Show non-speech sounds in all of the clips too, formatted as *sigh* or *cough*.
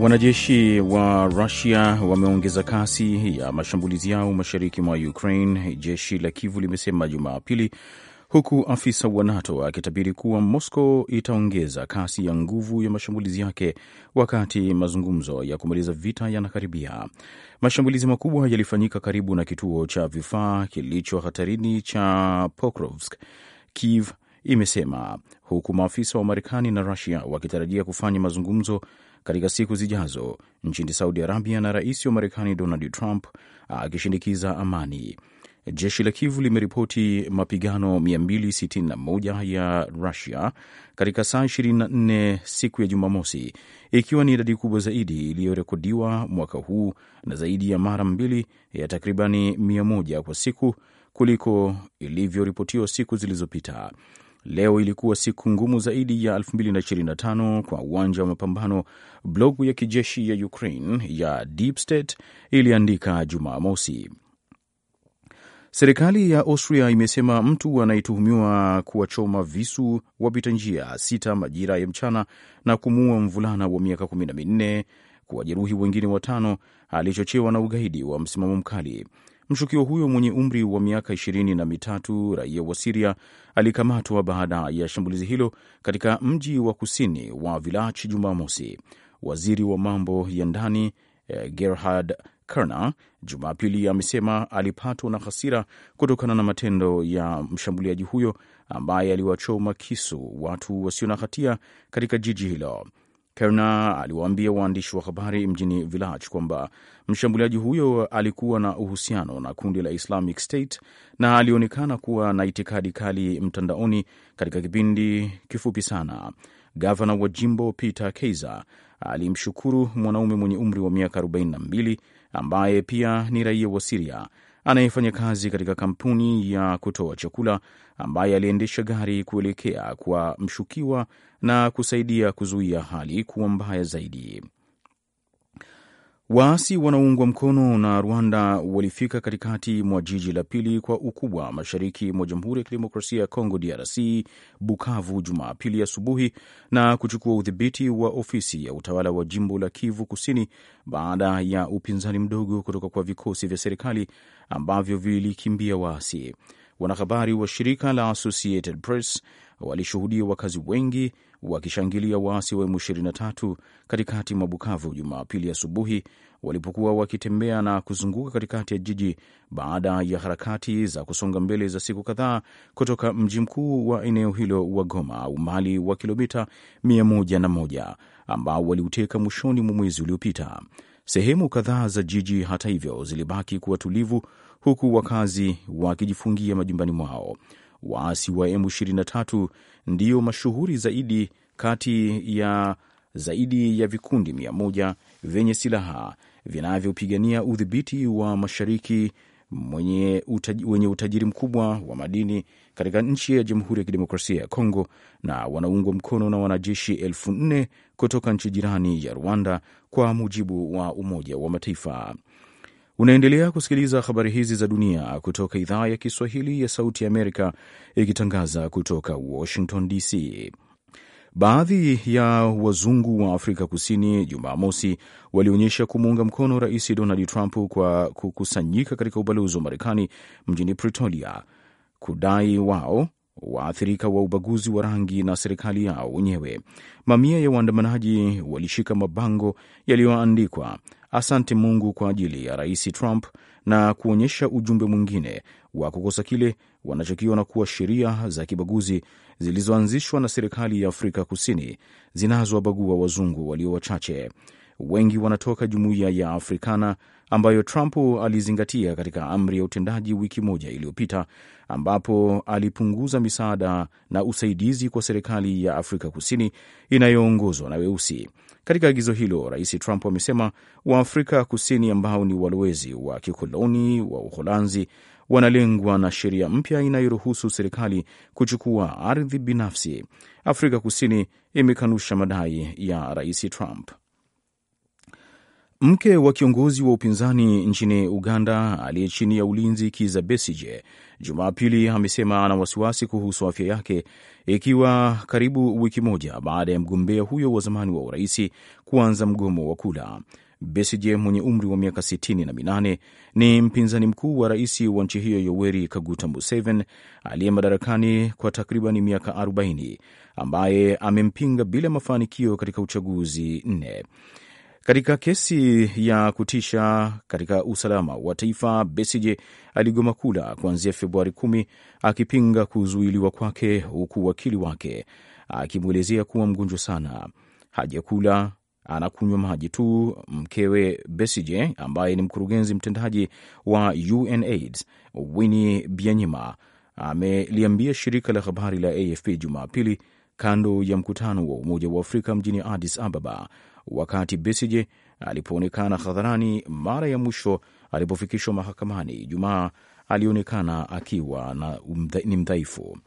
Wanajeshi wa Rusia wameongeza kasi ya mashambulizi yao mashariki mwa Ukraine, jeshi la Kivu limesema Jumapili, huku afisa wa NATO akitabiri kuwa Moscow itaongeza kasi ya nguvu ya mashambulizi yake wakati mazungumzo ya kumaliza vita yanakaribia. Mashambulizi makubwa yalifanyika karibu na kituo cha vifaa kilicho hatarini cha Pokrovsk, Kiev imesema, huku maafisa wa Marekani na Rusia wakitarajia kufanya mazungumzo katika siku zijazo nchini Saudi Arabia na rais wa Marekani Donald Trump akishinikiza amani. Jeshi la Kivu limeripoti mapigano 261 ya Rusia katika saa 24 siku ya Jumamosi, ikiwa ni idadi kubwa zaidi iliyorekodiwa mwaka huu na zaidi ya mara mbili ya takribani 100 kwa siku kuliko ilivyoripotiwa siku zilizopita. Leo ilikuwa siku ngumu zaidi ya 2025 kwa uwanja wa mapambano, blogu ya kijeshi ya Ukraine ya Deep State iliandika Jumamosi. Serikali ya Austria imesema mtu anayetuhumiwa kuwachoma visu wapita njia sita majira ya mchana na kumuua mvulana wa miaka kumi na minne kuwajeruhi wengine watano alichochewa na ugaidi wa msimamo mkali. Mshukiwa huyo mwenye umri wa miaka ishirini na mitatu, raia wa Siria, alikamatwa baada ya shambulizi hilo katika mji wa kusini wa juma Jumamosi. Waziri wa mambo ya ndani eh, Gerhard Karner Jumapili amesema alipatwa na hasira kutokana na matendo ya mshambuliaji huyo ambaye aliwachoma kisu watu wasio na hatia katika jiji hilo. Kerna aliwaambia waandishi wa habari mjini Villach kwamba mshambuliaji huyo alikuwa na uhusiano na kundi la Islamic State na alionekana kuwa na itikadi kali mtandaoni katika kipindi kifupi sana. Gavana wa jimbo Peter Kaiser alimshukuru mwanaume mwenye umri wa miaka 42 ambaye pia ni raia wa Siria anayefanya kazi katika kampuni ya kutoa chakula ambaye aliendesha gari kuelekea kwa mshukiwa na kusaidia kuzuia hali kuwa mbaya zaidi. Waasi wanaoungwa mkono na Rwanda walifika katikati mwa jiji la pili kwa ukubwa mashariki mwa Jamhuri ya Kidemokrasia ya Kongo, DRC, Bukavu, Jumapili asubuhi na kuchukua udhibiti wa ofisi ya utawala wa jimbo la Kivu Kusini baada ya upinzani mdogo kutoka kwa vikosi vya serikali ambavyo vilikimbia waasi. Wanahabari wa shirika la Associated Press walishuhudia wakazi wengi wakishangilia waasi wa M23 katikati mwa Bukavu Jumapili asubuhi walipokuwa wakitembea na kuzunguka katikati ya jiji baada ya harakati za kusonga mbele za siku kadhaa kutoka mji mkuu wa eneo hilo wa Goma, umbali wa kilomita 101 ambao waliuteka mwishoni mwa mwezi uliopita. Sehemu kadhaa za jiji, hata hivyo, zilibaki kuwa tulivu, huku wakazi wakijifungia majumbani mwao. Waasi wa M23 ndiyo mashuhuri zaidi kati ya zaidi ya vikundi mia moja vyenye silaha vinavyopigania udhibiti wa mashariki mwenye utaji, wenye utajiri mkubwa wa madini katika nchi ya Jamhuri ya Kidemokrasia ya Kongo na wanaungwa mkono na wanajeshi elfu nne kutoka nchi jirani ya Rwanda, kwa mujibu wa Umoja wa Mataifa. Unaendelea kusikiliza habari hizi za dunia kutoka idhaa ya Kiswahili ya Sauti ya Amerika ikitangaza kutoka Washington DC. Baadhi ya wazungu wa Afrika Kusini Jumamosi walionyesha kumuunga mkono Rais Donald Trump kwa kukusanyika katika ubalozi wa Marekani mjini Pretoria kudai wao waathirika wa ubaguzi wa rangi na serikali yao wenyewe. Mamia ya waandamanaji walishika mabango yaliyoandikwa asante Mungu kwa ajili ya Rais Trump na kuonyesha ujumbe mwingine wa kukosa kile wanachokiona kuwa sheria za kibaguzi zilizoanzishwa na serikali ya Afrika Kusini zinazowabagua wazungu walio wachache. Wengi wanatoka jumuiya ya Afrikana ambayo Trump alizingatia katika amri ya utendaji wiki moja iliyopita, ambapo alipunguza misaada na usaidizi kwa serikali ya Afrika Kusini inayoongozwa na weusi. Katika agizo hilo, Rais Trump amesema Waafrika Kusini ambao ni walowezi wa kikoloni wa Uholanzi wanalengwa na sheria mpya inayoruhusu serikali kuchukua ardhi binafsi. Afrika Kusini imekanusha madai ya Rais Trump. Mke wa kiongozi wa upinzani nchini Uganda aliye chini ya ulinzi Kiza Besije Jumapili amesema ana wasiwasi kuhusu afya yake, ikiwa karibu wiki moja baada ya mgombea huyo wa zamani wa uraisi kuanza mgomo wa kula. Besije mwenye umri wa miaka sitini na minane ni mpinzani mkuu wa rais wa nchi hiyo Yoweri Kaguta Museveni aliye madarakani kwa takriban miaka 40 ambaye amempinga bila mafanikio katika uchaguzi nne. Katika kesi ya kutisha katika usalama wa taifa, besije aligoma kula kuanzia Februari kumi akipinga kuzuiliwa kwake, huku wakili wake akimwelezea kuwa mgonjwa sana, hajakula anakunywa maji tu. Mkewe besije ambaye ni mkurugenzi mtendaji wa UNAIDS Winnie Byanyima ameliambia shirika la habari la AFP Jumapili kando ya mkutano wa Umoja wa Afrika mjini Addis Ababa wakati Besigye alipoonekana hadharani mara ya mwisho alipofikishwa mahakamani Ijumaa alionekana akiwa na umdha, ni mdhaifu.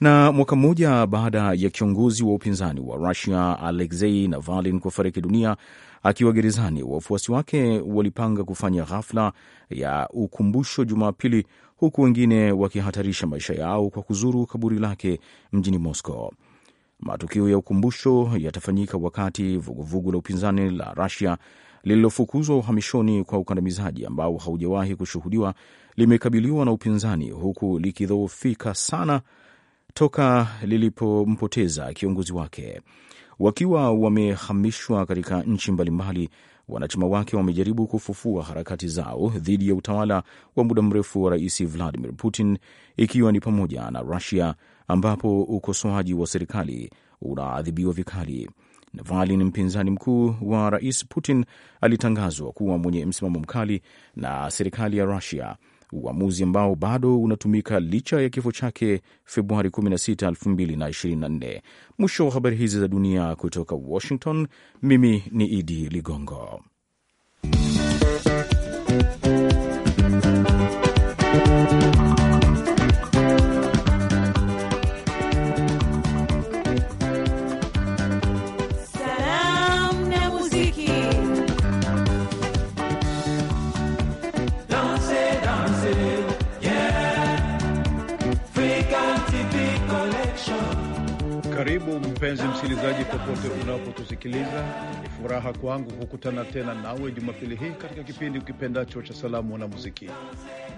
Na mwaka mmoja baada ya kiongozi wa upinzani wa Rusia Alexei navalin kufariki dunia akiwa gerezani, wafuasi wake walipanga kufanya ghafla ya ukumbusho Jumapili, huku wengine wakihatarisha maisha yao kwa kuzuru kaburi lake mjini Moscow. Matukio ya ukumbusho yatafanyika wakati vuguvugu la upinzani la rasia lililofukuzwa uhamishoni kwa ukandamizaji ambao haujawahi kushuhudiwa limekabiliwa na upinzani huku likidhoofika sana toka lilipompoteza kiongozi wake. Wakiwa wamehamishwa katika nchi mbalimbali, wanachama wake wamejaribu kufufua harakati zao dhidi ya utawala wa muda mrefu wa Rais Vladimir Putin, ikiwa ni pamoja na Rusia, ambapo ukosoaji wa serikali unaadhibiwa vikali. Navalny, mpinzani mkuu wa Rais Putin, alitangazwa kuwa mwenye msimamo mkali na serikali ya Rusia uamuzi ambao bado unatumika licha ya kifo chake Februari 16, 2024. Mwisho wa habari hizi za dunia kutoka Washington, mimi ni Idi Ligongo. Mpenzi msikilizaji, popote unapotusikiliza, ni furaha kwangu kukutana tena nawe Jumapili hii katika kipindi ukipendacho cha salamu na muziki,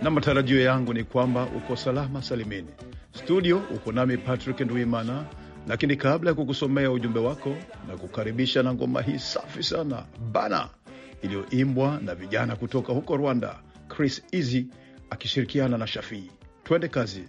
na matarajio yangu ni kwamba uko salama salimini. Studio uko nami Patrick Ndwimana, lakini kabla ya kukusomea ujumbe wako na kukaribisha na ngoma hii safi sana bana, iliyoimbwa na vijana kutoka huko Rwanda, Chris Easy akishirikiana na Shafii. Twende kazi.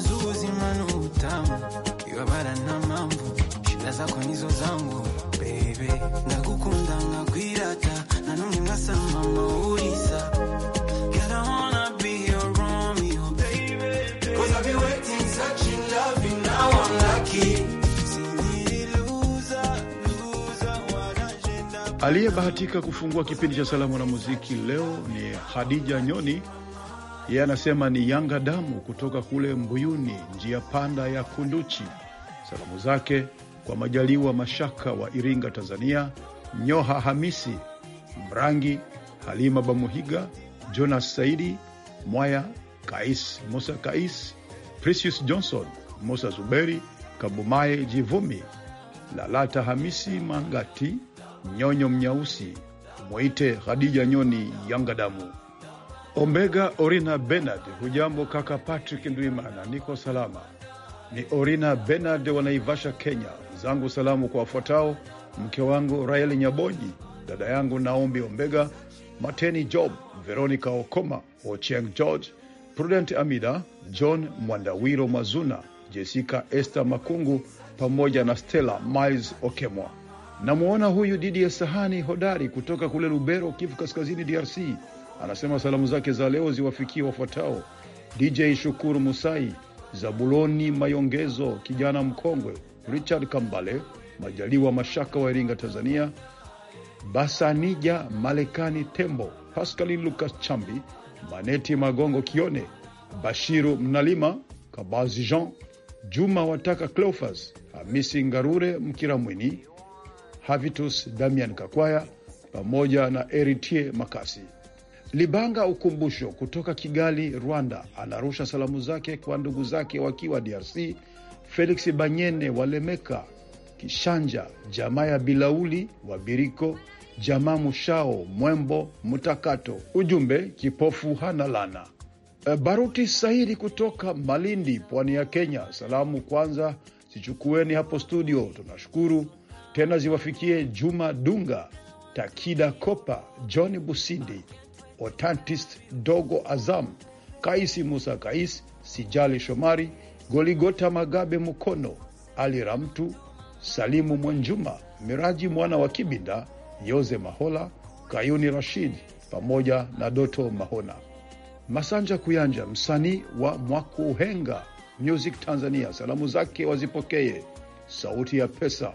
mazuzi manu utamu iwa bara na mambo shida zako nizo zangu bebe ndagukunda nkakwirata nanone nkasama mawuriza Aliyebahatika kufungua kipindi cha salamu na muziki leo ni Khadija Nyoni yeye anasema ni Yanga damu kutoka kule Mbuyuni, njia panda ya Kunduchi. Salamu zake kwa Majaliwa Mashaka wa Iringa, Tanzania, Nyoha Hamisi Mrangi, Halima Bamuhiga, Jonas Saidi Mwaya, Kais Musa, Kais Precious Johnson, Musa Zuberi Kabumaye, Jivumi Lalata, Hamisi Mangati, Nyonyo Mnyausi, Mwite Khadija Nyoni, Yanga damu. Omega Orina Benard. Hujambo kaka Patrick Ndwimana, niko salama. Ni Orina Bernard wa Naivasha, Kenya. Zangu salamu kwa wafuatao: mke wangu Rael Nyabonyi, dada yangu Naomi Omega, Mateni Job, Veronica Okoma, Ochieng George, Prudent Amida, John Mwandawiro Mazuna, Jessica Esther Makungu pamoja na Stella Miles Okemwa. Namwona huyu Didi ya sahani hodari kutoka kule Lubero, Kivu Kaskazini, DRC anasema salamu zake za leo ziwafikie wafuatao: DJ Shukuru Musai, Zabuloni Mayongezo, kijana mkongwe Richard Kambale, Majaliwa Mashaka wa Iringa, Tanzania, Basanija Malekani Tembo, Pascalin Lukas Chambi, Maneti Magongo Kione, Bashiru Mnalima, Kabazi Jean Juma Wataka, Cleofas Hamisi Ngarure, Mkiramwini, Havitus Damian Kakwaya pamoja na Eritie Makasi. Libanga Ukumbusho kutoka Kigali, Rwanda, anarusha salamu zake kwa ndugu zake wakiwa DRC: Felix Banyene Walemeka Kishanja, jamaa ya Bilauli Wabiriko, jamaa Mushao Mwembo Mutakato. Ujumbe kipofu hana lana. Eh, Baruti Saidi kutoka Malindi, pwani ya Kenya, salamu kwanza zichukueni hapo studio, tunashukuru tena ziwafikie Juma Dunga, Takida Kopa, John Busindi, Otantist Dogo Azam, Kaisi Musa Kais, Sijali Shomari, Goligota Magabe Mukono, Ali Ramtu, Salimu Mwenjuma, Miraji mwana wa Kibinda, Yoze Mahola, Kayuni Rashid pamoja na Doto Mahona. Masanja Kuyanja, msanii wa Mwakuhenga Music Tanzania, salamu zake wazipokeye Sauti ya Pesa,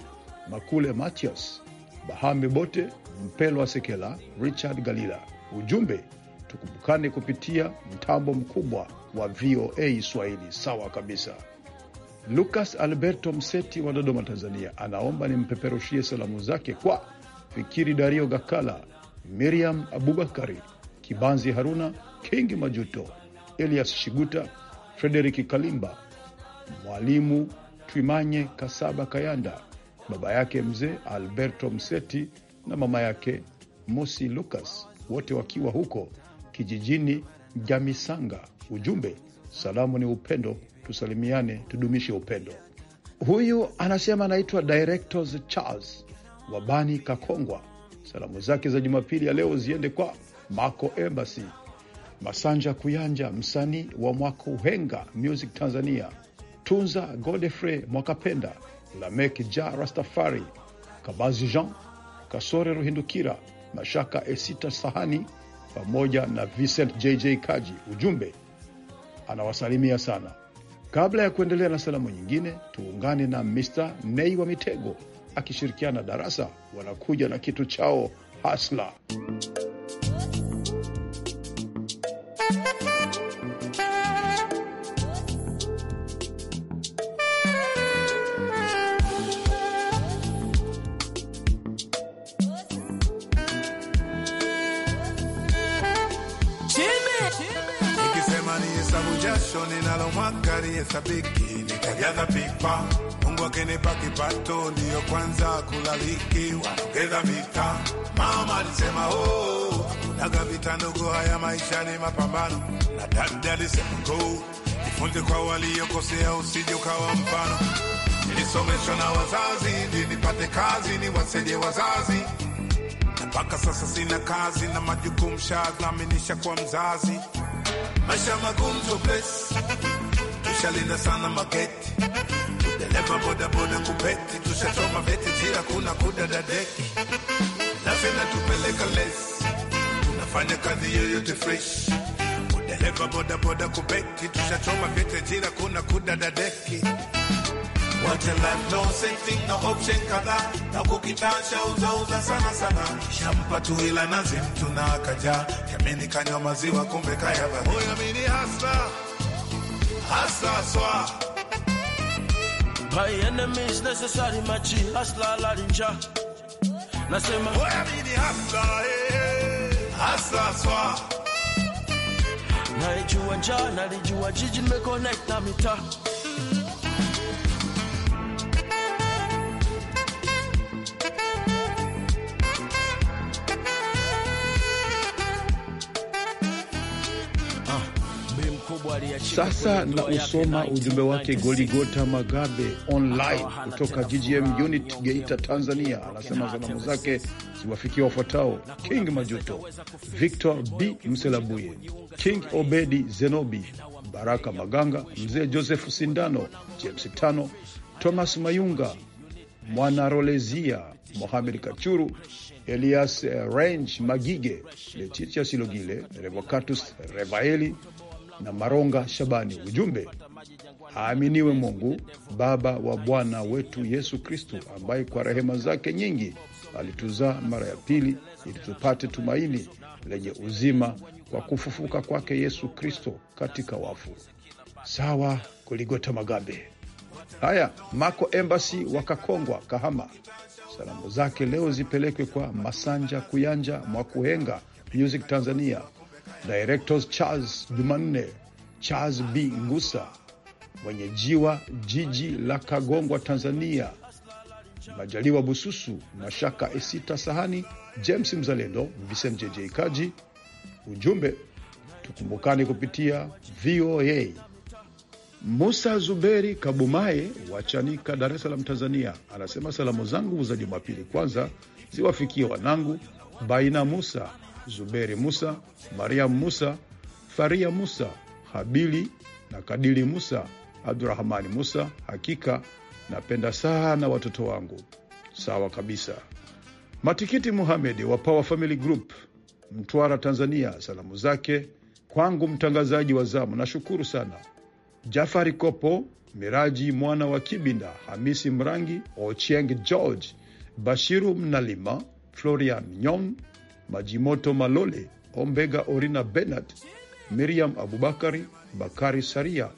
Makule Matias, Bahame Bote, Mpelwa Sekela, Richard Galila Ujumbe tukumbukane kupitia mtambo mkubwa wa VOA Swahili. Sawa kabisa. Lukas Alberto Mseti wa Dodoma, Tanzania, anaomba nimpeperushie salamu zake kwa Fikiri Dario Gakala, Miriam Abubakari Kibanzi, Haruna Kingi, Majuto Elias Shiguta, Frederiki Kalimba, Mwalimu Twimanye Kasaba Kayanda, baba yake mzee Alberto Mseti na mama yake Mosi Lukas wote wakiwa huko kijijini Gamisanga. Ujumbe, salamu ni upendo, tusalimiane, tudumishe upendo. Huyu anasema anaitwa Directors Charles Wabani Kakongwa. Salamu zake za Jumapili ya leo ziende kwa Mako Embassy Masanja Kuyanja, msanii wa Mwako Uhenga Music Tanzania, Tunza Godefrey Mwakapenda, Lamek Ja Rastafari, Kabazi Jean Kasore Ruhindukira Mashaka Esita Sahani pamoja na Vincent JJ Kaji. Ujumbe anawasalimia sana. Kabla ya kuendelea na salamu nyingine, tuungane na Mr Nei wa Mitego akishirikiana na Darasa, wanakuja na kitu chao Hasla. magari hesabiki, nitajaza pipa. Mungu akinipa kipato, ndiyo kwanza kulaliki, wanaongeza vita. Mama alisema oh, naga vita ndogo, haya maisha ni mapambano. Na dada alisema go, jifunze kwa waliokosea, usije ukawa mfano. Nilisomeshwa na wazazi ili nipate kazi, niwasaidie wazazi mpaka sasa sina kazi na majukumu shaadhaminisha kwa mzazi, maisha magumu tushalinda sana mageti, dereva bodaboda kupeti, tushachoma veti tira, kuna kudadadeki nafsi natupeleka lesi, tunafanya kazi yoyote fresh dereva bodaboda kubeti, tushachoma vete jira, kuna kudadadeki. Wacha no setting no option sana sana, shampa nazi mtu na akaja jamini, kanywa maziwa kumbe kayaba, mini hasa hustler soir. My enemies necessary machi hustler larinja. Nasema Oya ni hustler eh, swa, na soir. Naijua na nalijua jiji, nimeconnect na mita. Sasa na usoma ujumbe wake Goligota Magabe online kutoka GGM unit Geita, Tanzania. Anasema salamu zake ziwafikia wafuatao: King Majuto, Victor B Mselabuye, King Obedi Zenobi, Baraka Maganga, Mzee Joseph Sindano, James Tano, Thomas Mayunga, Mwanarolezia, Mohamed Kachuru, Elias Range Magige, lechicha Silogile, Revocatus Revaeli na Maronga Shabani. Ujumbe: aaminiwe Mungu Baba wa Bwana wetu Yesu kristo ambaye kwa rehema zake nyingi alituzaa mara ya pili, ili tupate tumaini lenye uzima kwa kufufuka kwake Yesu Kristo katika wafu. Sawa, Kuligota Magabe. Haya, Mako Embassy wakakongwa Kahama, salamu zake leo zipelekwe kwa Masanja Kuyanja Mwakuhenga Music Tanzania Directors Charles Jumanne, Charles B Ngusa, jiwa jiji la Kagongwa Tanzania, Majaliwa Bususu, Mashaka Esita Sahani, James Mzalendo, Vincent JJ Kaji. Ujumbe, tukumbukane kupitia VOA. Musa Zuberi Kabumaye wachanika Dar es Salaam, Tanzania, anasema salamu zangu za Jumapili kwanza ziwafikie wanangu Baina Musa Zuberi Musa, Mariamu Musa, Faria Musa, Habili na Kadili Musa, Abdurahmani Musa. Hakika napenda sana watoto wangu. Sawa kabisa. Matikiti Muhamedi wa Power Family Group, Mtwara, Tanzania, salamu zake kwangu mtangazaji wa zamu, nashukuru sana. Jafari Kopo, Miraji mwana wa Kibinda, Hamisi Mrangi, Ochieng George, Bashiru Mnalima, Florian Nyon, Majimoto Malole, Ombega Orina Bernard, Miriam Abubakari, Bakari Saria,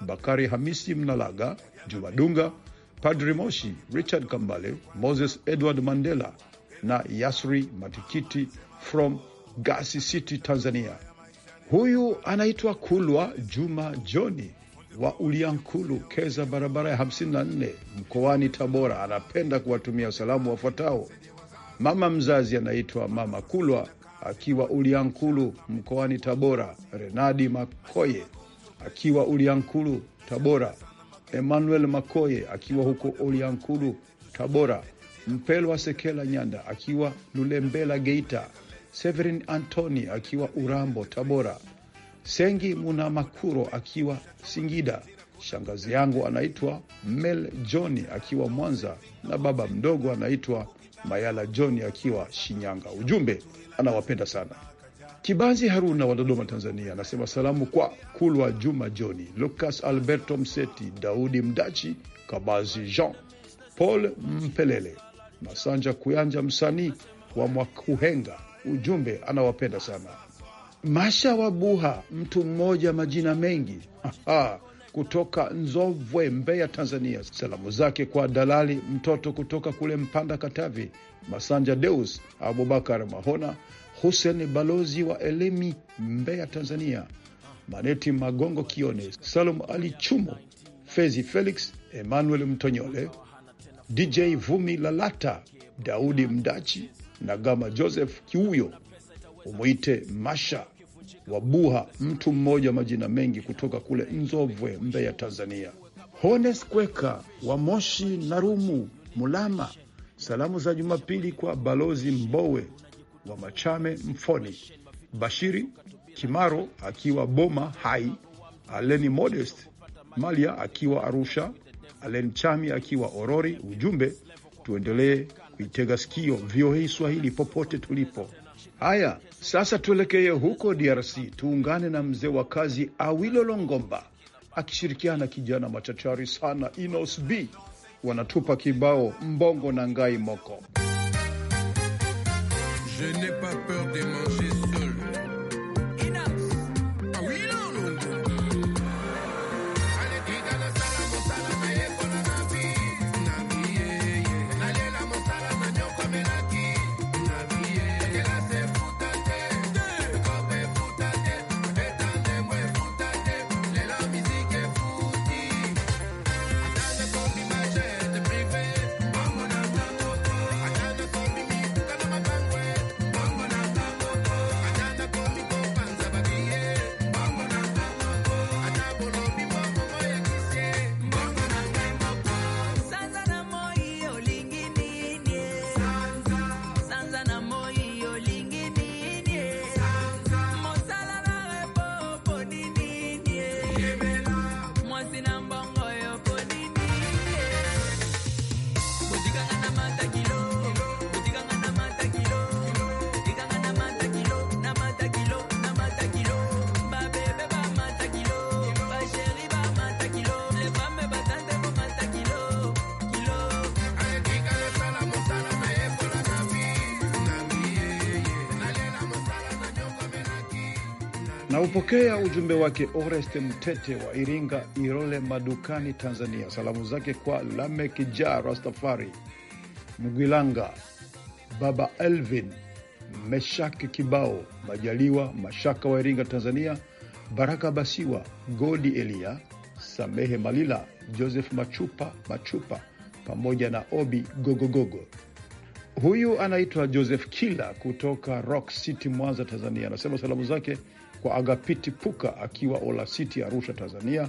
Bakari Hamisi Mnalaga, jumadunga Padri Moshi, Richard Kambale, Moses Edward Mandela na Yasri Matikiti from Gasi City, Tanzania. Huyu anaitwa Kulwa Juma Joni wa Uliankulu Keza, barabara ya 54 mkoani Tabora. Anapenda kuwatumia salamu wafuatao: Mama mzazi anaitwa Mama Kulwa akiwa Uliankulu mkoani Tabora, Renadi Makoye akiwa Uliankulu Tabora, Emmanuel Makoye akiwa huko Uliankulu Tabora, Mpelwa Sekela Nyanda akiwa Lulembela Geita, Severin Antoni akiwa Urambo Tabora, Sengi Munamakuro akiwa Singida, shangazi yangu anaitwa Mel Johni akiwa Mwanza na baba mdogo anaitwa Mayala John akiwa Shinyanga. Ujumbe anawapenda sana. Kibanzi Haruna wa Dodoma, Tanzania anasema salamu kwa Kulwa Juma Joni, Lucas Alberto Mseti, Daudi Mdachi, Kabazi Jean Paul Mpelele, Masanja Kuyanja, msanii wa Mwakuhenga. Ujumbe anawapenda sana. Masha wa Buha, mtu mmoja majina mengi. *laughs* Aha kutoka Nzovwe, Mbeya, Tanzania. Salamu zake kwa Dalali Mtoto kutoka kule Mpanda, Katavi, Masanja Deus, Abubakar Mahona, Hussein balozi wa Elimi, Mbeya, Tanzania, Maneti Magongo Kione, Salum Ali Chumo, Fezi Felix, Emmanuel Mtonyole, DJ Vumi Lalata, Daudi Mdachi na Gama Joseph Kiuyo, umwite Masha Wabuha, mtu mmoja wa majina mengi kutoka kule Nzovwe, Mbeya, Tanzania. Hones Kweka wa Moshi na Rumu, Mulama. Salamu za Jumapili kwa Balozi Mbowe wa Machame, Mfoni Bashiri Kimaro akiwa Boma Hai, Aleni Modest Malia akiwa Arusha, Aleni Chami akiwa Orori. Ujumbe, tuendelee kuitega sikio VOA Swahili popote tulipo. Haya, sasa tuelekee huko DRC, tuungane na mzee wa kazi Awilo Longomba akishirikiana kijana machachari sana Inos B wanatupa kibao mbongo na ngai moko Je n'ai pas peur de manger Naupokea ujumbe wake Oreste Mtete wa Iringa, Irole, Madukani, Tanzania. Salamu zake kwa Lamek Ja Rastafari Mgwilanga, Baba Elvin meshak Kibao, Majaliwa Mashaka wa Iringa, Tanzania, Baraka Basiwa, Godi elia Samehe Malila, Joseph Machupa Machupa pamoja na Obi Gogogogo. Huyu anaitwa Joseph Kila kutoka Rock City, Mwanza, Tanzania. Anasema salamu zake kwa Agapiti Puka akiwa Olasiti, Arusha, Tanzania,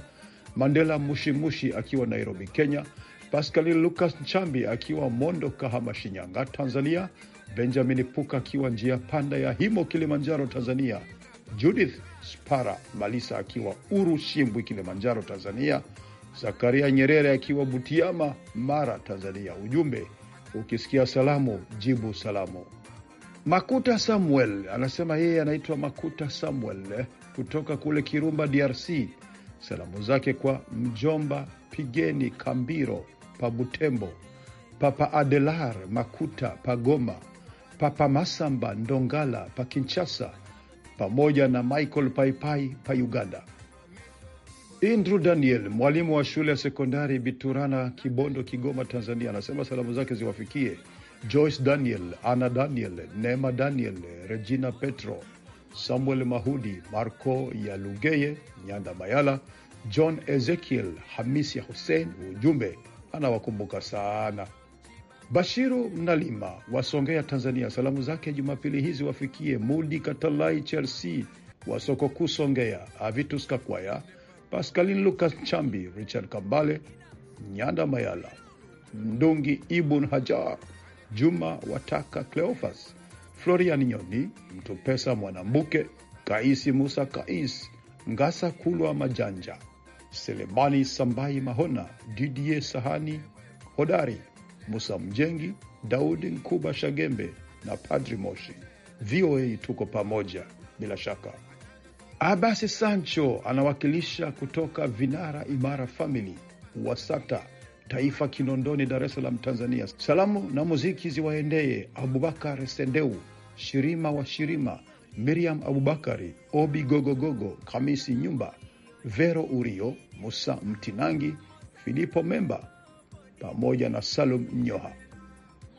Mandela Mushimushi akiwa Nairobi, Kenya, Paskali Lukas chambi akiwa Mondo, Kahama, Shinyanga, Tanzania, Benjamin Puka akiwa njia panda ya Himo, Kilimanjaro, Tanzania, Judith Spara Malisa akiwa Uru Shimbwi, Kilimanjaro, Tanzania, Zakaria Nyerere akiwa Butiama, Mara, Tanzania. Ujumbe, ukisikia salamu jibu salamu. Makuta Samuel anasema yeye anaitwa Makuta Samuel eh, kutoka kule Kirumba, DRC. Salamu zake kwa mjomba Pigeni Kambiro Pabutembo, Papa Adelar Makuta Pagoma, Papa Masamba Ndongala pa Kinshasa, pamoja na Michael Paipai pa Uganda. Indru Daniel, mwalimu wa shule ya sekondari Biturana, Kibondo, Kigoma, Tanzania, anasema salamu zake ziwafikie Joyce Daniel, Ana Daniel, Neema Daniel, Regina Petro, Samuel Mahudi, Marco Yalugeye, Nyanda Mayala, John Ezekiel, Hamisi Hussein. Ujumbe anawakumbuka sana. Bashiru Mnalima wasongea Tanzania, salamu zake Jumapili hizi wafikie Mudi Katalai, Chelsea wa Kusongea, Songea, Avitus Kakwaya, Pascaline Lucas Chambi, Richard Kambale, Nyanda Mayala, Mdungi Ibun Hajar Juma wataka Cleofas, Florian Nyoni, pesa Mwanambuke, Kaisi Musa Kais, Ngasa Kulwa Majanja, Selemani Sambai Mahona, Didie Sahani Hodari, Musa Mjengi, Daudi Nkuba Shagembe na Padri Moshi. VOA tuko pamoja bila shaka. Abasi Sancho anawakilisha kutoka Vinara Imara Family Wasata Taifa, Kinondoni, Dar es Salaam, Tanzania. Salamu na muziki ziwaendee Abubakar Sendeu, Shirima wa Shirima, Miriam Abubakari, Obi Gogogogo, Kamisi Nyumba, Vero Urio, Musa Mtinangi, Filipo Memba pamoja na Salum Nyoha.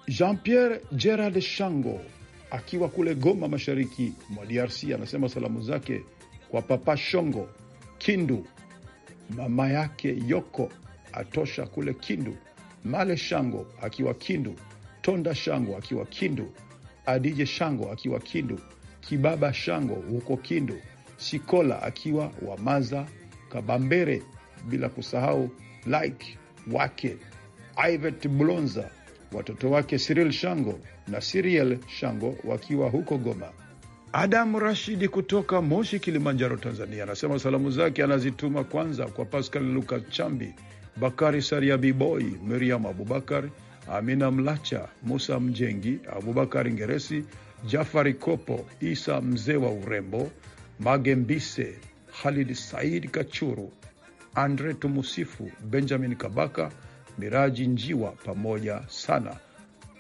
Jean Pierre Gerard Shango akiwa kule Goma, mashariki mwa DRC, anasema salamu zake kwa Papa Shongo Kindu, mama yake Yoko Atosha kule Kindu, Male Shango akiwa Kindu, Tonda Shango akiwa Kindu, Adije Shango akiwa Kindu, Kibaba Shango huko Kindu, Sikola akiwa Wamaza, Kabambere, bila kusahau Like wake Ivet Blonza, watoto wake siril Shango na Siriel Shango wakiwa huko Goma. Adamu Rashidi kutoka Moshi, Kilimanjaro, Tanzania, anasema salamu zake anazituma kwanza kwa Pascal Luka Chambi Bakari Saria Biboi, Miriam Abubakar, Amina Mlacha, Musa Mjengi, abubakar Ngeresi, Jafari Kopo, Isa mzee wa urembo, Magembise, Khalid Said Kachuru, Andre Tumusifu, Benjamin Kabaka, Miraji Njiwa pamoja sana.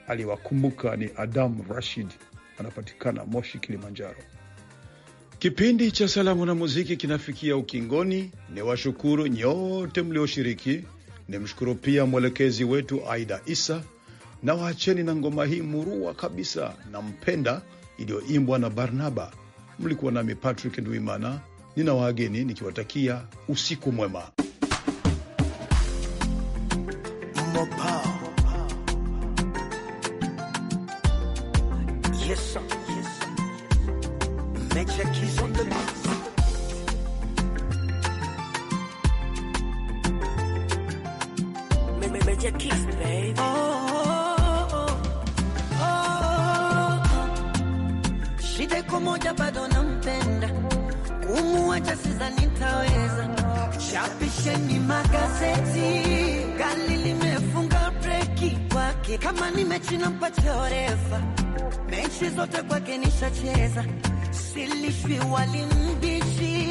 Aliwakumbuka ni Adam Rashid, anapatikana Moshi, Kilimanjaro. Kipindi cha salamu na muziki kinafikia ukingoni. Ni washukuru nyote mlioshiriki, ni mshukuru pia mwelekezi wetu Aida Isa na waacheni na ngoma hii murua kabisa na mpenda iliyoimbwa na Barnaba. Mlikuwa nami Patrick Nduimana, nina wageni nikiwatakia usiku mwema. Mopao. Yes, sir. Shida iko moja, bado magazeti, gari limefunga breki kwake, kama ni mechi nampatia orefa, mechi zote kwake nishacheza silishwi, walimbishi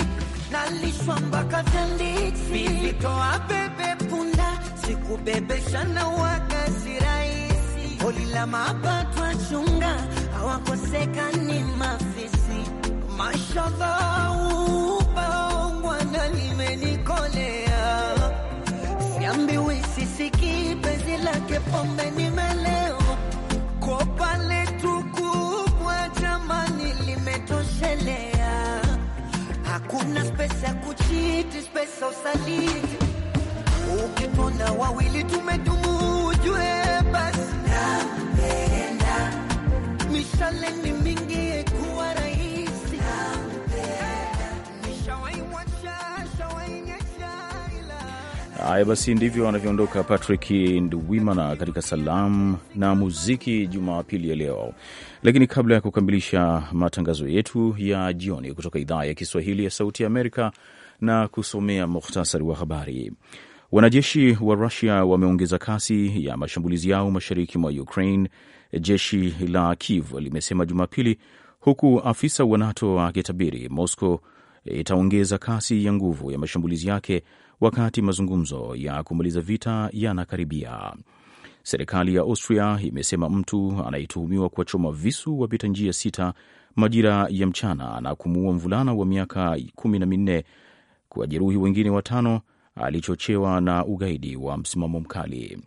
nalishwa mpaka zanditi, nilitoa bebe punda, sikubebesha na waga sirahisi, holi la mapato achunga hawakosekani mafisi, mashallah Bwana limenikolea, siambiwi sisiki penzi lake pombe nimelewa usaliti, wawili tumedumu, ujue basi nampenda, mishale ni mingi kuwa rahisi Haya basi, ndivyo anavyoondoka Patrick ndwimana katika salamu na muziki Jumapili ya leo. Lakini kabla ya kukamilisha matangazo yetu ya jioni kutoka idhaa ya Kiswahili ya Sauti ya Amerika, na kusomea muhtasari wa habari. Wanajeshi wa Rusia wameongeza kasi ya mashambulizi yao mashariki mwa Ukraine, jeshi la Kiev limesema Jumapili, huku afisa wa NATO akitabiri Moscow itaongeza kasi ya nguvu ya mashambulizi yake wakati mazungumzo ya kumaliza vita yanakaribia. Serikali ya Austria imesema mtu anayetuhumiwa kuwachoma visu wapita njia sita majira ya mchana na kumuua mvulana wa miaka kumi na minne kuwajeruhi wengine watano alichochewa na ugaidi wa msimamo mkali.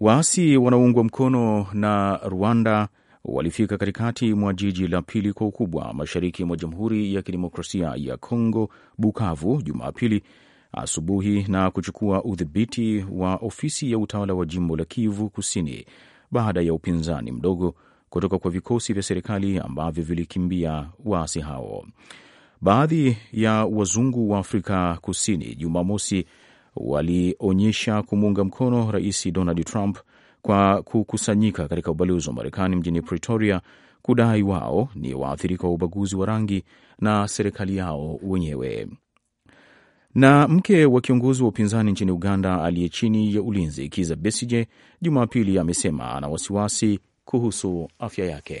Waasi wanaoungwa mkono na Rwanda walifika katikati mwa jiji la pili kwa ukubwa mashariki mwa Jamhuri ya Kidemokrasia ya Kongo, Bukavu, Jumapili asubuhi na kuchukua udhibiti wa ofisi ya utawala wa jimbo la Kivu Kusini baada ya upinzani mdogo kutoka kwa vikosi vya serikali ambavyo vilikimbia waasi hao. Baadhi ya wazungu wa Afrika Kusini Jumamosi walionyesha kumuunga mkono Rais Donald Trump kwa kukusanyika katika ubalozi wa Marekani mjini Pretoria kudai wao ni waathirika wa ubaguzi wa rangi na serikali yao wenyewe. Na mke wa kiongozi wa upinzani nchini Uganda aliye chini ya ulinzi Kiza Besije Jumapili amesema ana wasiwasi kuhusu afya yake.